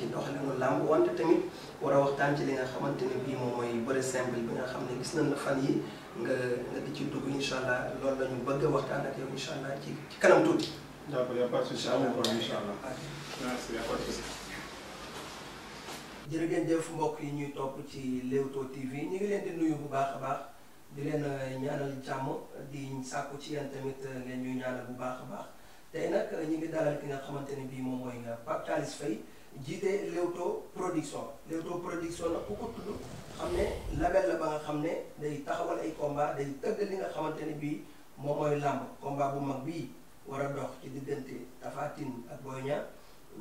ci doxalinu làmb wante tamit war a waxtaan ci li nga xamante ne bii moom mooy bëre simple bi nga xam ne gis nañ yi nga nga di ci dugg incha allah loolu la ñu bëgg a waxtaan ak allah ci ci tuuti. d'accord y a pas a pas de mbokk yi ñuy topp ci Leewtoo TV ñu ngi leen di nuyu bu baax a baax di leen euh, ñaanal jàmm di sàkku ci yéen tamit ngeen euh, ñuy ñaanal bu baax a baax tey nag ñu ngi dalal ki nga xamante ne bii moom mooy euh, Pape Thialis Faye jiite Leewtoo production Leewtoo production nag ku ko tudd xam ne label la ba nga xam ne day taxawal ay combat day tëgg li nga xamante bii moo mooy làmb combat bu mag bii war a dox ci diggante Tapha Tine ak Boy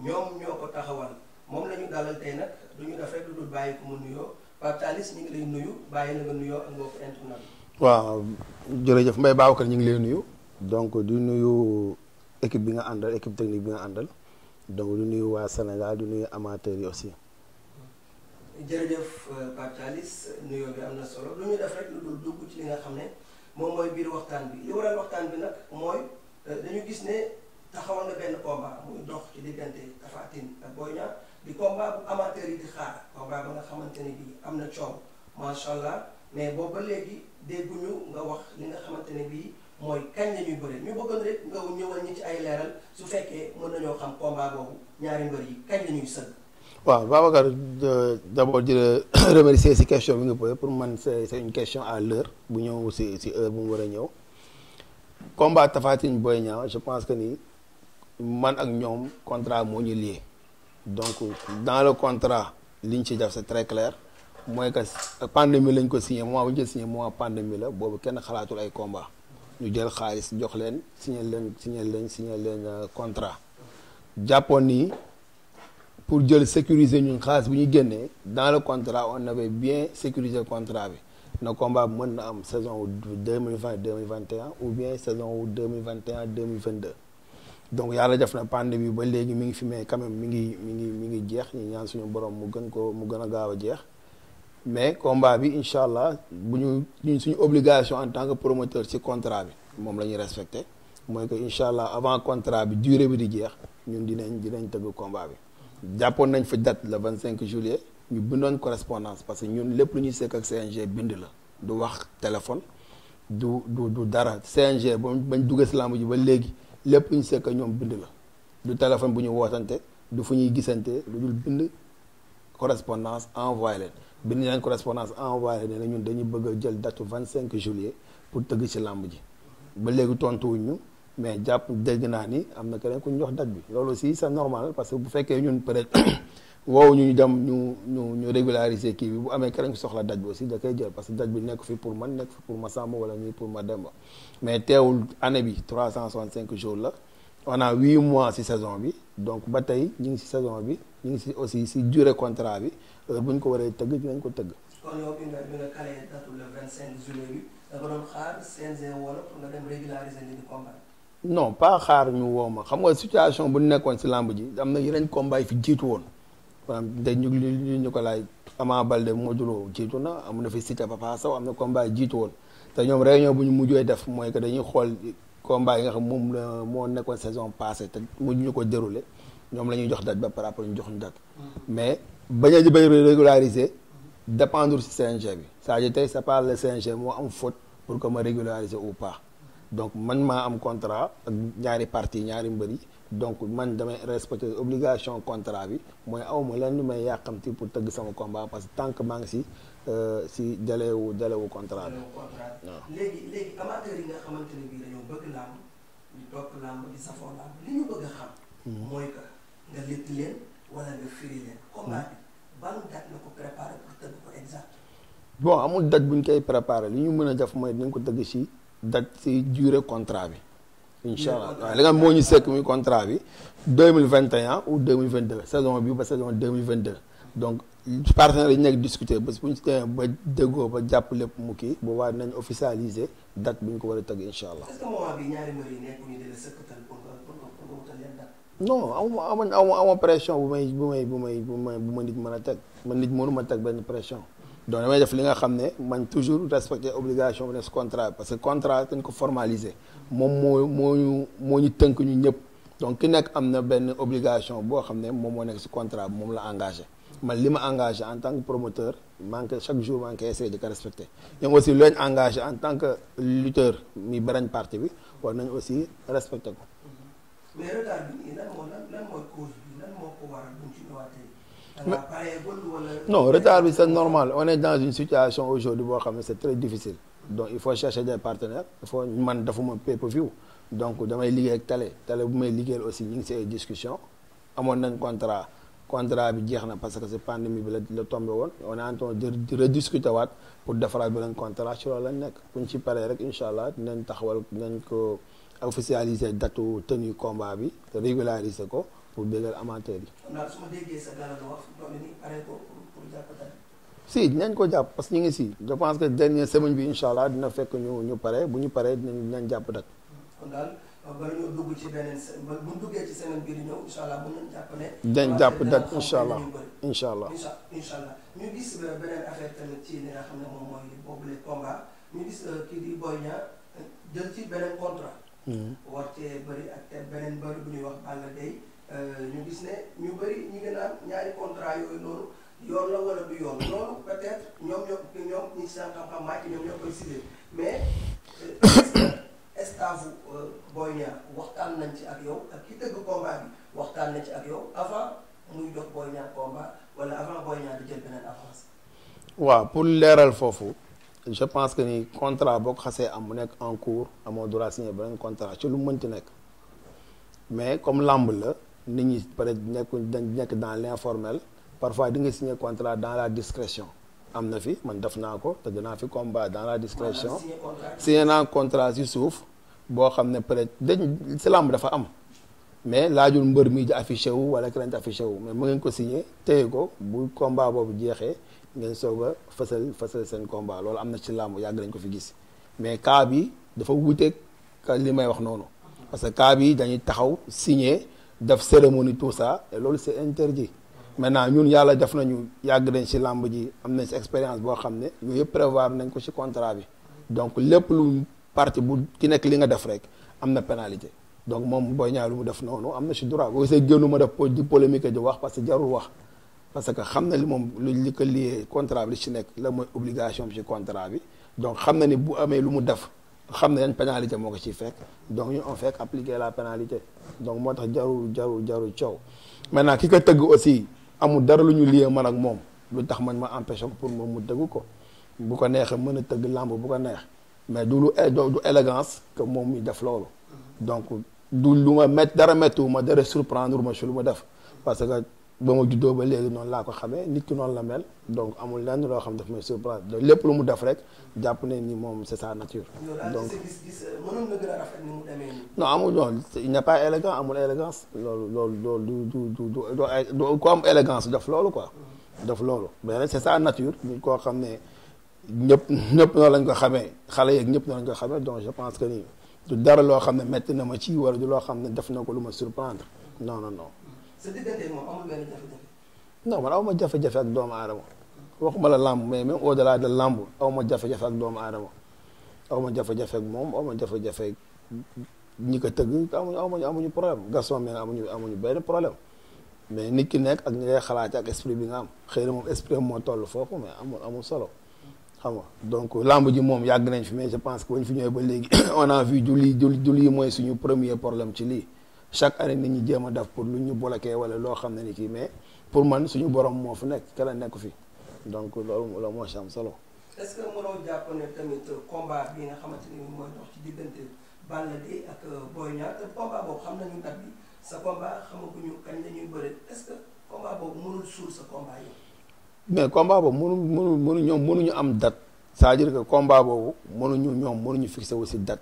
ñoom ñoo ko taxawal moom la dalal tey nag du ñu def rek lu dul mu nuyoo Pape Thialis ñu ngi lay nuyu bàyyi na nga nuyoo ak mbokku internet waaw jërëjëf Mbaye Babacar ñu ngi lay nuyu donc du nuyu équipe bi nga àndal équipe technique bi nga àndal donc du nuyu waa Sénégal du nuyu amateurs yi aussi. jërëjëf euh, Pape Thialis nuyoo bi am na solo lu ñu def rek lu dul dugg ci li nga xam ne moom mooy biir waxtaan bi li waral waxtaan bi nag mooy euh, dañu gis ne taxawal na benn combat muy dox ci diggante Tapha Tine ak Boy Niang di combat bu amateur yi di xaar combat ba nga xamante ne bii am na coow macha allah mais boobu ba léegi dégguñu nga wax li nga xamante ne bii. mooy kañ la ñuy ñu bëggoon rek nga ay leeral su fekkee mën nañoo xam combat boobu ñaari mbër yi kañ la ñuy waaw Babacar d' abord di la remercier si question bi nga posé pour man c' est une question à l'heure bu ñëw si si heure bu mu war a ñëw combat Tapha Tine Boy Niang je pense que nii man ak ñoom contrat moo ñu lié donc dans le contrat li ñu ci def c' est très clair mooy que pandémie lañ ko signé moment bu ñu ko signé moment la boobu kenn xalaatul ay combat ñu jël xaalis jox leen signé leen signé leen signé leen euh, contrat jàppoon nii pour jël sécuriser ñun xaalis bu ñu génnee dans le contrat on avait bien sécurisé contrat bi na combat mën na am saison deux mille vingt deux mille vingt et un bien saison deux mille vingt et deux mille vingt deux donc yàlla def na pandémie bi ba léegi mi ngi fi mais quand même mi ngi mi ngi mi ngi jeex ñi ñaan suñu borom mu gën ko mu gën a gaaw a jeex. mais combat bi incha allah bu ñu ñun suñu obligation en tant que promoteur ci contrat bi moom la ñuy respecté mooy que incha allah avant contrat bi durée bi di jeex ñun dinañ dinañ tëgg combat bi. jàppoon nañ fa date le vingt cinq juillet ñu bindoon correspondance parce que ñun lépp lu ñuy sekk ak CNG bind la du wax téléphone du du du dara CNG ba bañ duggee slamb lamb ji ba léegi lépp lu ñu sekk ñoom bind la du téléphone bu ñu wootante du fu ñuy gisante lu dul bind correspondance envoyé leen. bind nañ correspondance envoyé ne ñun dañuy bëgg a jël date vingt cinq juillet pour tëgg ci làmb ji ba léegi tontuwuñ ñu mais jàpp dégg naa ni am na keneen ku ñu jox date bi loolu aussi sa normal parce que bu fekkee ñun peut-être woowu ñu dem ñu ñu ñu régulariser kii bi bu amee keneen ku soxla date bi aussi da koy jël parce que date bi nekk fi pour man nekk fi pour ma sàmm wala ñu pour ma demba mais teewul année bi trois cent soixante cinq jours la on a huit mois ci saison bi donc ba tey ñu ngi ci saison bi ñu ngi ci aussi ci durée contrat bi bu ñu ko waree tëgg dinañ ko tëgg. kon yow bi xaar pas xaar ñu woo ma xam nga situation bu nekkoon si làmb ji am na yeneen combat yi fi jiitu woon maanaam te ñu ñu ñu ko laaj Ama Baldé Modou jiitu na am na fi Siteu Papa Sow am na combat yi jiitu woon te ñoom réunion bu ñu mujjee def mooy que dañuy xool. combat yi xam moom la moo nekkoon saison passée te mujj ñu ko déroulé ñoom la ñuy jox date ba par rapport ñu jox ñu date. Mm-hmm. mais bañ a bañ régulariser. dépendre ci CNG bi. c'est-à-dire tey c'est pas le CNG moo am faute pour que ma régulariser ou pas donc man maa am contrat ak ñaari partie ñaari mbër yi donc man damay respecter obligation contrat bi mooy aw ma lenn yàqum yàqamti pour tëgg sama combat parce que tant que maa si. Euh, si jalewu délai contrat bi. léegi léegi amateur yi nga ñu bëgg a xam. Hmm. mooy que hmm. nga ko préparé pour si date si durée contrat bi. incha allah waaw li nga moo ñu sekk muy bi mille vingt et un ou deux mille vingt deux saison bi ba saison deux mille vingt deux donc partenaires yi nekk discuter ba bu ñu demee ba déggoo ba jàpp lépp mu kii bu nañ officialiser date bi ñu ko war a tëgg incha allah. est-ce que moment bii ñaari non amu amu amu pression bu may bu bu may bu bu ma mën a teg man nit mënu teg benn pression. donc damay def li nga xam ne man toujours respecter obligation bu nekk si contrat parce que contrat dañ ko formaliser moom moo moo ñu moo ñu tënk ñu ñëpp donc ki nekk am na benn obligation boo xam ne moom moo nekk si contrat moom la engagé. man li ma engagé en tant que promoteur maa ngi chaque jour maa ngi koy essayé di ko respecté ñoom aussi lu engagé en tant que lutteur mi barañ parti bi war nañ aussi respecté ko. mais retard bi non retard bi c'est normal on est dans une situation aujourd'hui boo xam ne c'est très difficile donc il faut chercher des partenaires il faut man dafuma pay-per-view donc damay liggéey ak télé bu may liggéeyal aussi ñu ngi see discussion amoon nañ contrat. contrat bi jeex na parce que c'est pandémie bi la la tombé woon on est en train de waat pour defaraat beneen contrat ci loolu lañ nekk buñ ci paree rek incha allah dinañ taxawal dinañ ko officialiser datu tenue combat bi régulariser ko pour bégal amateur yi. si dinañ ko jàpp parce que ñu ngi si. je pense que dernière bi incha allah dina fekk ñu ñu pare bu ñu pare dinañ dinañ jàpp dat. bala ñoo dugg ci beneen semaine ba bu ñu duggee ci semaine bii di ñëw incha allah mën nañu jàpp ne. dañ jàpp date incha allah incha allah incha ñu gis euh, beneen affaire tamit ci li nga xam ne moom mooy boobule combat ñu gis euh, kii di Boy Niang euh, jël ci beneen contrat. Hmm. wartee bëri ak beneen bëri bu ñuy wax Balla Gaye ñu gis ne ñu bëri ñu ñaari contrat yooyu noonu yoon la wala du yoon. waaw pour leeral foofu je pense que ni contrat boo ko xasee am mu nekk en cours amoo droit signé beneen contrat ci lu mu mënti nekk mais comme làmb la nit ñi peut-être nekk nekk dans l'informel parfois di nga signé contrat dans la discrétion am na fi man def naa ko te dinaa fi combat dans la discrétion signé naa contrat ci suuf boo xam ne peut-être dañ ci làmb dafa am mais laajul mbër mi di affiché wu wala keneen di affiché wu mais mu ngeen ko signé téye ko bu combat boobu jeexee ngeen soog a fësal fësal seen combat loolu am na ci làmb yàgg nañ ko fi gis mais cas bi dafa ka li may wax noonu parce que cas bi dañuy taxaw signé def cérémonie tout ça et loolu c'est interdit maintenant ñun yàlla def nañu yàgg nañ ci làmb ji am na ci expérience boo xam ne ñu yëpp prévoir nañ ko ci contrat bi donc lépp lu parti bu ki nekk li nga def rek am na pénalité donc moom booy ñaar lu mu def noonu am na ci droit boo gisee génnu ma def di wax parce que jarul wax parce que xam na li moom lu li ko lié contrat bi nekk la mooy obligation bi ci contrat bi donc xam na ni bu amee lu mu def xam na yan pénalité moo ko ciy fekk donc ñu on fekk appliquer la pénalité donc moo tax jarul jarul jarul coow maintenant ki ko tëgg aussi amul dara lu ñu lié man ak moom lu tax man ma empêché ko pour moom mu tëgg ko bu ko neexee mën a tëgg làmb bu ko neex mais du lu du élégance que moom muy def loolu mm-hmm. donc du lu ma met dara méttu ma dara surprendre ma si lu ma def parce que ba ma juddoo ba léegi noonu laa ko xamee nit ki noonu la mel donc amul lenn loo xam daf may surprendre donc lépp lu mu def rek jàpp ne ni moom c'est sa nature. donc euh, non amul noonu il n'est pas élégant amul élégance loolu loolu loolu du du du du ku am élégance def loolu quoi. def loolu mais nag c'est sa nature nit koo xam ne ñëpp ñëpp noonu lañ ko xamee xale yeeg ñëpp noonu lañ ko xamee donc je pense que ni du dara loo xam ne métti na ma ci wala du loo xam ne def na ko lu ma surprendre non non non. sa diggante moom amul benn jafe-jafe. man aw ma jafe-jafe ak doomu aadama waxuma la làmb mais même au delà de làmb aw ma jafe-jafe ak doomu aadama aw ma jafe-jafe ak moom aw ma jafe-jafe ak ñi ko tëgg amuñu amuñu amuñu problème gaston mais amuñu amuñu benn problème mais nit ki nekk ak ñi ngay xalaat ak esprit bi nga am xëy na moom esprit moo toll foofu mais amul amul solo. xam nga donc làmb ji moom yàgg nañ fi mais je pense que bañ fi ñëwee ba léegi on a vu du lii du lii suñu premier problème ci lii. chaque année nit ñi jéem a def pour lu ñu bloqué wala loo xam ne ni kii mais pour man suñu borom moo fi nekk kenn nekku fi donc loolu la moo ci am solo. est-ce nga xamante ni mooy dox ci diggante Balla Gaye ak euh, Boy Niang te combat boobu xam nañu nag bi sa combat boobu mënul mënu mënu mënu ñoom mënuñu am date cest à que combat boobu mënuñu ñoom mënuñu fixé wu si date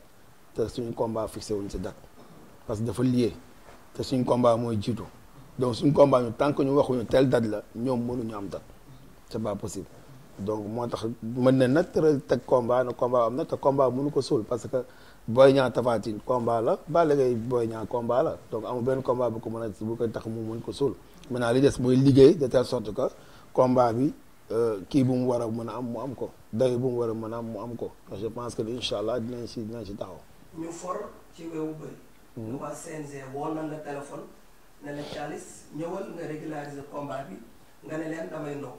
te suñu combat fixé wuñ si date. parce que dafa lié te suñ combat mooy jiitu donc suñ combat ñu tant que ñu waxuñu telle date la ñoom mënuñu am date c'est pas possible donc moo tax mën na nag tëral teg combat na na te combat mënu ko suul parce que Boy Niang Tapha Tine combat la Balla Gaye Boy Niang combat la donc amul benn combat bu ko mën a bu ko tax mu mën ko suul maintenant li des mooy liggéey de telle que combat bi euh, kii bu mu war a mën a am mu am ko day bu mu war a am mu am ko je pense que incha allah dinañ si dinañ si ñu for ci wewu bëri. ñu mmh. waa CNG woo nañ la téléphone ne nga ne leen damay ndox.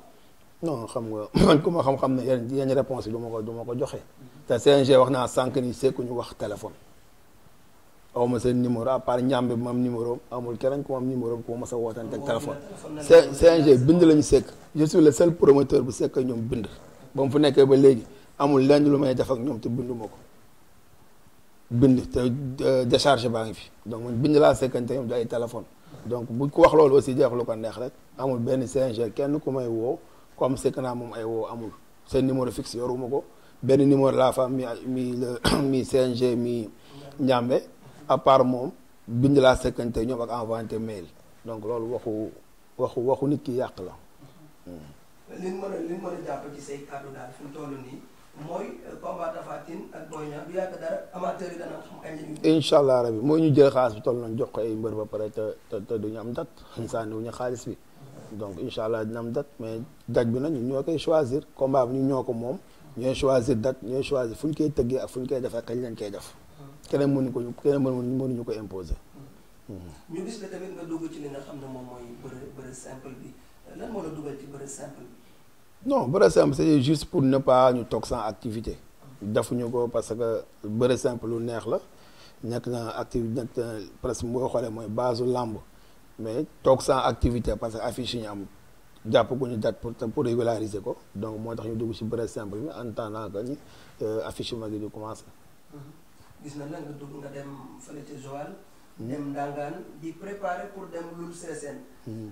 non xam nga man ku xam-xam ne yenn yenn réponse yi du ma ko du ma ko joxe. Mmh. te CNG wax naa sànq ni sekku ñu wax téléphone. aw ma seen numéro à part ñaam bi ma am numéro amul keneen ku ma am numéro ku ma sa a wootante ak téléphone. CNG bind lañu sekk. je suis le seul promoteur bu sekk ñoom bind. ba mu fu nekkee ba léegi amul lenn lu may def ak ñoom te binduma ko. bind te décharge baa ngi fi donc man bind laa fekkante ñoom du ay téléphone donc bu ko wax loolu aussi jeex lu ko neex rek amul benn CNG kenn ku may woo comme sekk naa moom ay woo amul seen numéro fixe yoruma ko benn numéro laa fa mi mi mi CNG mi Njàmbe à part moom bind laa sekkante ñoom ak envoyé mail donc loolu waxu waxu waxu nit ki yàq la. Hmm. mooy combat Tapha Tine yi mooy ñu jël xaalis bi toll nañ jox ko ay mbër ba pare te te te duñu am date sànni wuñu xaalis bi donc incha allah dina am date mais date bi nag ñun ñoo koy choisir combat moom. ñooy choisir date ñooy choisir fu ñu koy tëggee ak fu ñu koy defee kañ lañ koy def. keneen mënuñu ko keneen imposer. Hmm. moom mooy non bëre simple c'est juste pour ne pas ñu toog sans activité. defuñu ko parce que bëre simple lu neex la nekk na activité nekk na presque xoolee mooy base làmb mais toog sans activité parce que affiche yi ñu am jàpp ko ñu date pour pour régulariser ko donc moo tax ñu dugg ci bëre simple bi en attendant que ni euh, affiche mag yi di commencer. Mm-hmm. gis na nag dugg nga dem fële ca Joal. Mm-hmm. Ndangaan di préparer pour dem Loul Sessène. Mm-hmm.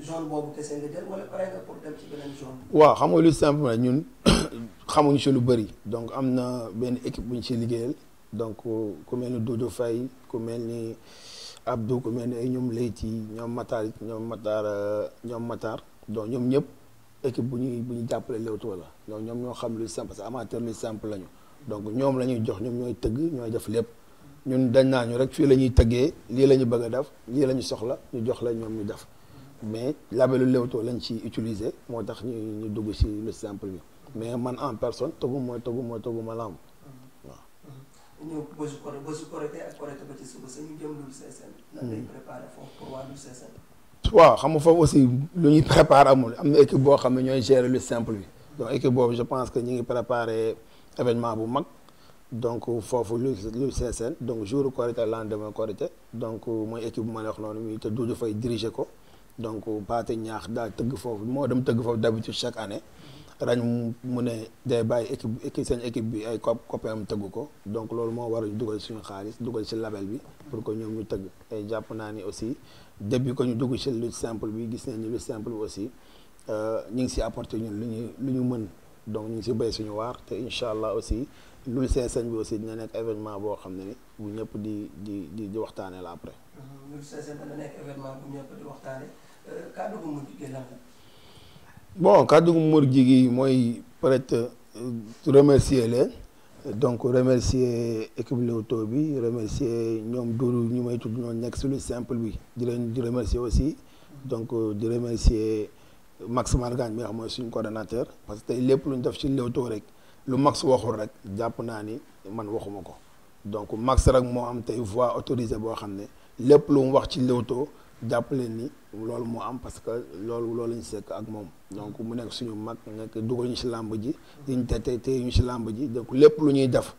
zone boobu kese waaw xam nga lu simple la ñun xamuñu si lu bëri donc am na benn équipe bu ñu si liggéeyal donc ku mel ni ku mel ni Abdou ku mel ni ay ñoom Leyti ñoom Matar ñoom Matar euh, ñoom Matar donc ñëpp équipe bu ñuy bu ñu jàppale Leewtoo la donc ñoom ñoo xam lu parce que amateur lu simple lañu donc ñoom la ñuy jox ñoom ñooy tëgg ñooy def lépp. ñun dañ naa ñu rek fii la ñuy tëggee lii la ñu bëgg a def lii la ñu soxla ñu jox la ñoom ñu def. mais labelu Leewtoo lañ ci utiliser moo tax ñu dugg ci le simple bi mais man en personne tëggu ma tëggu ma ma lamb mm-hmm. waaw. Mm-hmm. ñëw mm-hmm. xam nga foofu aussi lu ñuy préparer amul am na boo xam ne ñooy gérer le simple boobu je pense que ñu ngi préparer événement bu mag donc foofu Loul Loul donc jour Korité donc mooy équipe bu ma la wax noonu te ko. donc Pathé ñaax daa tëgg foofu moo dem tëgg foofu d'habitude chaque année mm-hmm. rañ mu ne day bàyyi équipe équipe seen équipe bi ay copainam tëgg ko donc loolu moo war a dugal suñu xaalis dugal si label bi pour que ñoom ñu tëgg et jàpp naa ni aussi début ko ñu dugg ci lutte simple bi gis ne ni lu simple bi aussi euh, ñu ngi si apporter ñun lu ñu lu ñu mën donc ñu ngi si béy suñu waar te incha allah aussi luy CSN bi aussi dina nekk événement boo xam ne ni bu ñëpp di di di di la après. Mm-hmm. bon kàddu gu mujj gi mooy peut-être euh, remercier leen donc remercier équipe Leewtoo bi remercier ñoom du ñu may tudd ñoo nekk si lu simple bi di leen di remercier aussi donc euh, di remercier Max Margan bi nga xam mooy suñu coordonnateur parce que tey lépp lu ñu def ci Leewtoo rek lu Max waxul rek jàpp naa ni man waxuma ko donc Max rek moo am tey voix autorisée boo xam ne lépp lu mu wax ci Leewtoo jàpp leen ni loolu moo am parce que loolu loolu lañ sekk ak moom donc mu nekk suñu mag nekk dugg ñu si làmb ji diñ tete te ñu si làmb ji donc lépp lu ñuy def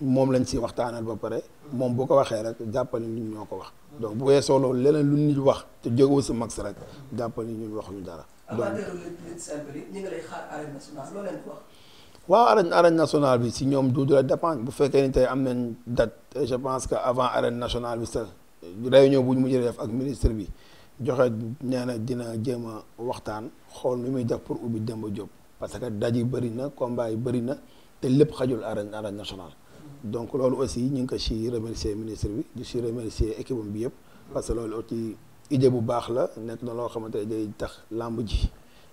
moom lañ si waxtaanal ba pare moom bu ko waxee rek jàppal ni ñun ñoo ko wax donc bu weesoo loolu leneen lu nit wax te jógewu si mag si rek jàppal ni ñu waxuñu dara donc ñu ngi lay xaar arène nationale bi si ñoom du la dépendre bu fekkee ni tey am nañ date je pense que avant arène nationale bi sax réunion bu ñu mujjee def ak ministre bi joxe nee na dina jéem a waxtaan xool nu muy def pour ubbi Demba Diop parce que daj yi bëri na combat yi bëri na te lépp xajul arène arène nationale donc loolu aussi ñu ngi ko si remercier ministre bi di si remercier équipe bi yëpp parce que loolu aussi idée bu baax la nekk na loo xamante ne day tax làmb ji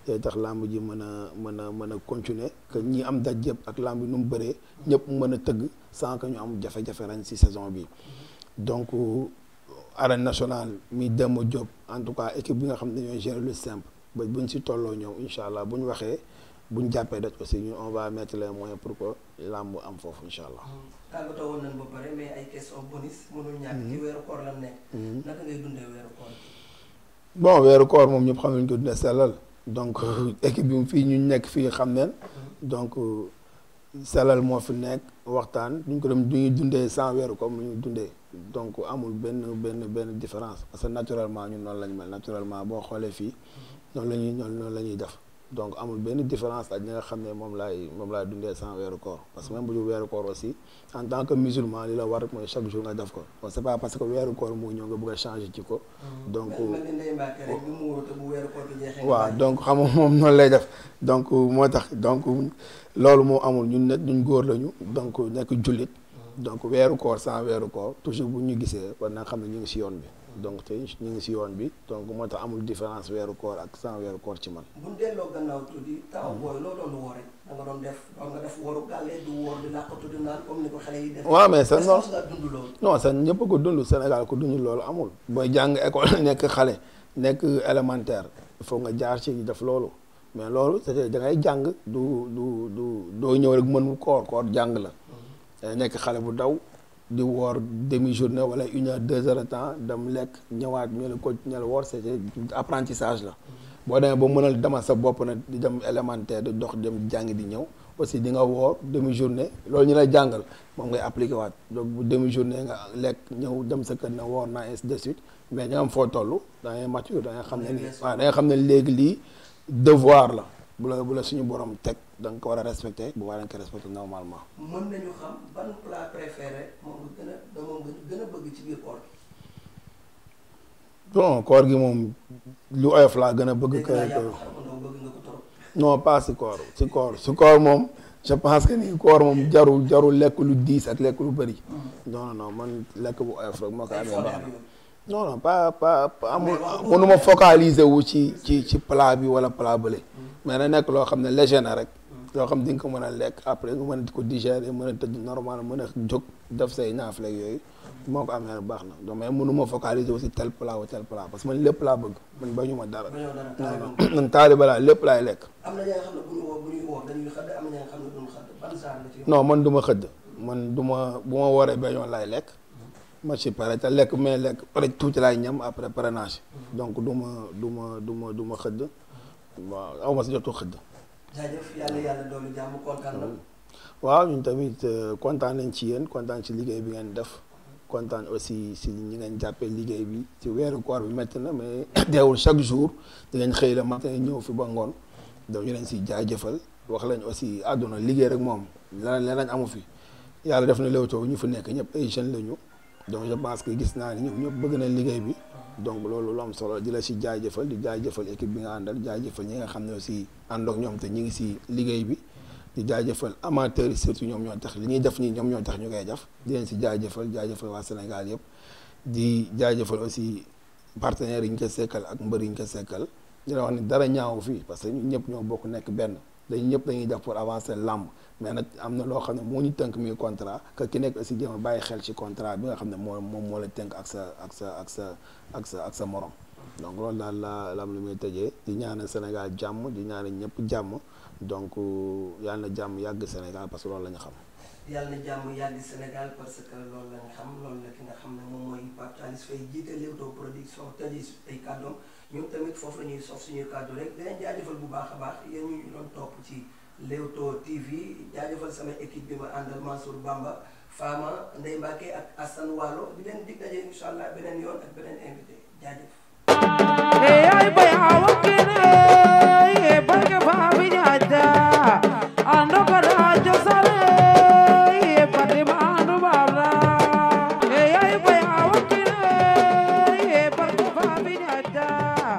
day tax làmb ji mën a mën a mën a continuer que ñi am daj yëpp ak làmb yi nu mu bëree ñëpp mën a tëgg sans ñu am jafe-jafe si saison bi arène nationale mi Demba Diop en tout cas équipe bi nga xam ne dañoo gérer le simple ba buñ si tolloo ñëw incha allah buñ waxee buñ jàppee daj aussi ñu on va mettre les moyens pour ko làmb am foofu incha allah. Hmm. tàggatoo woon hmm. weeru koor nekk. Hmm. bon weeru koor moom ñëpp xam nañ ko dina sellal donc équipe bi fii ñu nekk fii xam ne donc sellal moo fi nekk waxtaan duñ ko dem duñuy dundee sans weeru koor mu ñuy dundee. donc amul benn benn benn différence parce que naturellement ñun noonu la ñu mel naturellement boo xoolee fii noonu la ñuy noonu la ñuy def donc amul benn différence ak nga xam ne moom laay moom laay dundee sans weeru koor parce que bu ñu weeru koor aussi en tant que musulman li la war mooy chaque jour nga def ko bon c'est pas parce que weeru ñëw nga bëgg changer ci ko. Mmh. donc waaw donc xam nga moom noonu lay def donc moo tax donc loolu moo amul ñun net ñun góor lañu donc nekk jullit. donc weeru koor sans weeru koor toujours bu ñu gisee war na xam ne ñu ngi si yoon bi donc te ñu ngi si yoon bi donc moo tax amul différence weeru koor ak sans weeru ci man. bu ñu sa non sa ñëpp ko dund Sénégal ko dund loolu amul. booy jàng école nekk xale nekk élémentaire il faut nga jaar ci def loolu. mais loolu c'est da ngay jàng du du du doo ñëw rek mënul koor koor jàng la Eh, nekk xale bu daw di woor demi journée wala une heure deux heures temps dem lekk ñëwaat ñu ne ko ñu woor c'est apprentissage la. boo demee ba mënal demal sa bopp nag di dem élémentaire di dox dem jàng bi ñëw aussi di nga woor demi journée loolu ñu lay jàngal moom ngay appliqué waat donc bu demi journée nga lekk ñëw dem sa kër na woor na ainsi de suite mais ñu am foo toll da ngay mature da ngay xam ne nii waaw da ngay xam ne léegi lii devoir la. bu la suñu borom teg danga nga ko war a respecté bu baax da nga ko gën a moom gën a bëgg ci biir koor gi. bon koor laa gën a bëgg. ko non pas moom je pense que ni koor moom jarul jarul lekk lu diis wu ci ci ci plat bi wala plat bële. mais na nekk loo xam ne léger na rek. loo xam di nga ko mën a lekk après nga mën a ko digérer mën a tëdd normal mën a jóg def say naafle yooyu. moo ko amee baax na donc mais mënu ma focaliser tel plat ou tel plat parce que man laa bëgg man bañu ma dara. man taaliba lépp laay lekk. am na xëdd am na man du xëdd man du ma bu ma waree beñoon laay lekk. ma ci pare te lekk mais lekk pare tuuti laay ñam après parrainage. Mm-hmm. donc du ma du ma du ma du ma xëdd. waaw aw ma si jotu xëdd. yàlla yàlla doolu jàmm kontaan la. waaw ñun tamit euh, kontaan nañ ci yéen kontaan ci liggéey bi ngeen def. kontaan aussi si ñu ngeen jàppee liggéey bi ci weeru koor bi métti na mais deewul chaque jour di ngeen xëy la matin ñëw fi ba ngoon doo ñu leen si jaajëfal wax lañ aussi àdduna liggéey rek moom leneen leneen amu fi yàlla def na Leewtoo ñu fi nekk ñëpp ay jeunes la ñu donc je pense gis naa ni ñëpp bëgg nañ liggéey bi. donc loolu lu am solo di la si jaajëfal di jaajëfal équipe bi nga àndal jëfal ñi nga xam ne aussi ànd ak ñoom te ñu ngi si liggéey bi di jaajëfal amateurs yi surtout ñoom ñoo tax li ñuy def nii ñoom ñoo tax ñu ngay def di leen si jaajëfal jaajëfal waa Sénégal yëpp di jaajëfal aussi partenaire yi ñu ko sekkal ak mbër yi ñu ko sekkal di la wax ni dara ñaaw fii parce que ñun ñëpp ñoo bokk nekk benn. dañ ñëpp dañuy def pour avancer làmb mais na am na loo xam ne moo ñu tënk muy contrat que ki nekk aussi jéem a bàyyi xel ci contrat bi nga xam ne moo moom moo la tënk ak sa ak sa ak sa ak sa ak sa morom donc loolu daal la la lu muy tëjee di ñaana Sénégal jàmm di ñaana ñëpp jàmm donc euh, yàlla jàmm yàgg Sénégal parce que loolu la ñu xam yàlla na jàmm yàgg Sénégal parce que loolu lañ xam loolu la ki nga xam ne moom mooy Pape Thialis Faye jiite Leewtoo production tëjee ay kàddoom ñoom tamit foofu ñuy sof suñuy kàddu rek dinañ jaajëfal bu baax a baax yéen ñu doon topp ci Leewtoo TV jaajëfal sama équipe bi ma àndal Mansour Bamba Fama Ndeye Mbacke ak Assane walo bi leen dig daje incha allah beneen yoon ak beneen invité jaajëf.